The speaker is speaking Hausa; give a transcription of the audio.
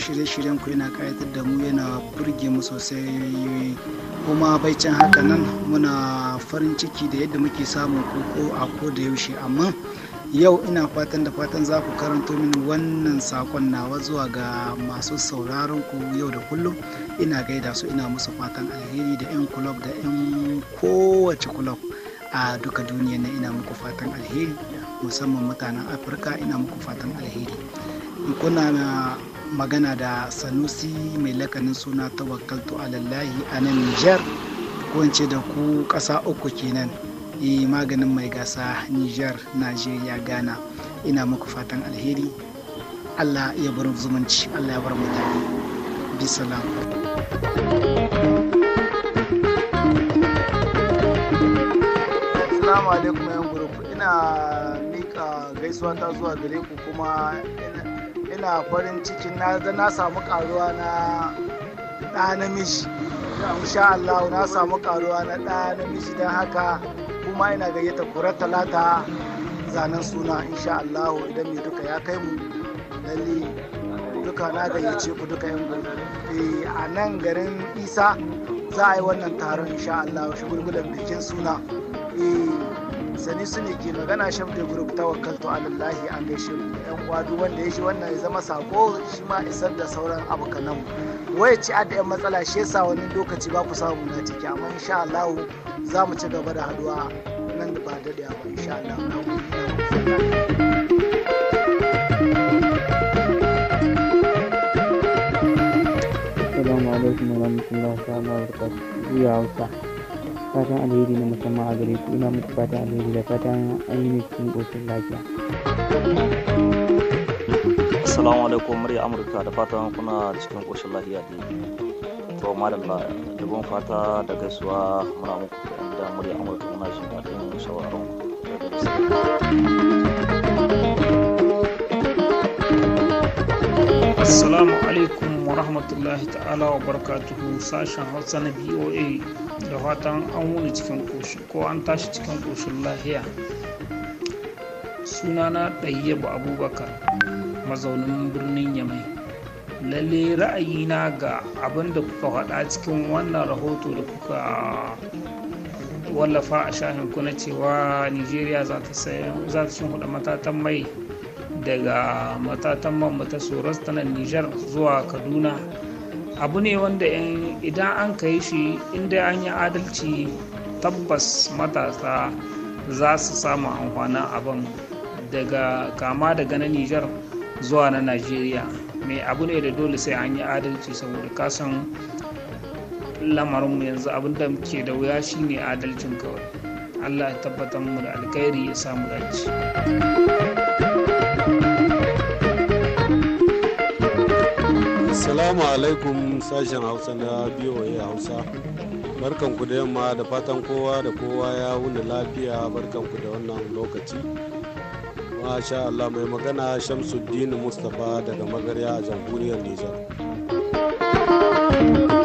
shirye-shiryen ku yana kayatar da mu yana burge mu sosai kuma bai can haka nan muna farin ciki da yadda muke samun koko a ko da yaushe amma yau ina fatan da fatan za ku karanto mini wannan sakon nawa zuwa ga masu sauraron ku yau da kullum ina gaida su ina musu fatan alheri da 'yan kulob da 'yan kowace kulob a duka duniya na ina muku fatan alheri musamman mutanen afirka ina muku fatan alheri kuna magana da sanusi mai lakanin suna tawakkaltu alallahi a nan nijar kowace da ku ƙasa uku kenan e maganin mai gasa nijar najeriya ghana ina muku fatan alheri allah ya bar zumunci allah ya bar mutane bisalam Assalamu alaikum yan ina mika gaisuwa ta zuwa gare ku kuma ina farin cikin na ga na samu karuwa na ɗa namiji insha Allah na samu karuwa na ɗa namiji don haka kuma ina ta kurar talata zanen suna insha Allah idan mai duka ya kai mu lalle duka na gayyace ku duka yan eh, a nan garin isa za a yi wannan taron insha Allah shigulgulan bikin suna eh sani su ne ke magana shan da ta tawakkaltu alallahi an gaishe ku yan uwa wanda ya shi wannan ya zama sako shi ma isar da sauran abokanan mu waye ci adda yan matsala shi yasa wani lokaci ba ku samu na ciki amma insha Allah za mu ci gaba da haduwa nan da ba da da ba insha Allah Assalamu alaikum warahmatullahi wabarakatuh. Ya Hausa. fatan alheri na musamman a gare ku ina muku fatan alheri da fatan an yi cikin ƙoshin lafiya. Assalamu alaikum murya Amurka da fatan kuna cikin ƙoshin lafiya ne. To madalla dubon fata da gaisuwa muna muku da murya Amurka muna jin daɗin sauraron ku. Assalamu rahmatullahi ta'ala wa barakatuhu sashen hausa na boa da fatan an wuni cikin koshi ko an tashi cikin koshin lahiya sunana ɗayyabu abubakar mazaunin birnin yamai lalle na ga abin da kuka faɗa cikin wannan rahoto da kuka wallafa a shahinku na cewa nigeria za ta shin hudu matatan mai daga matatan man ta tsoron ta nijar zuwa kaduna abu ne wanda idan an ka yi shi inda an yi adalci tabbas matasa za su samu amfanin abin daga kama daga na nijar zuwa na nigeria mai abu ne da dole sai an yi adalci saboda kasan lamarinmu yanzu abin da muke da wuya shine adalcin kawai allah ya tabbatar mu da alkhairi ya samu dace Assalamu alaikum sashen Hausa na BOA Hausa. Barkan ku da yamma da fatan kowa da kowa ya wuni lafiya barkan ku da wannan lokaci. Masha Allah mai magana Shamsuddin Mustapha daga magarya a jamhuriyar Nijar.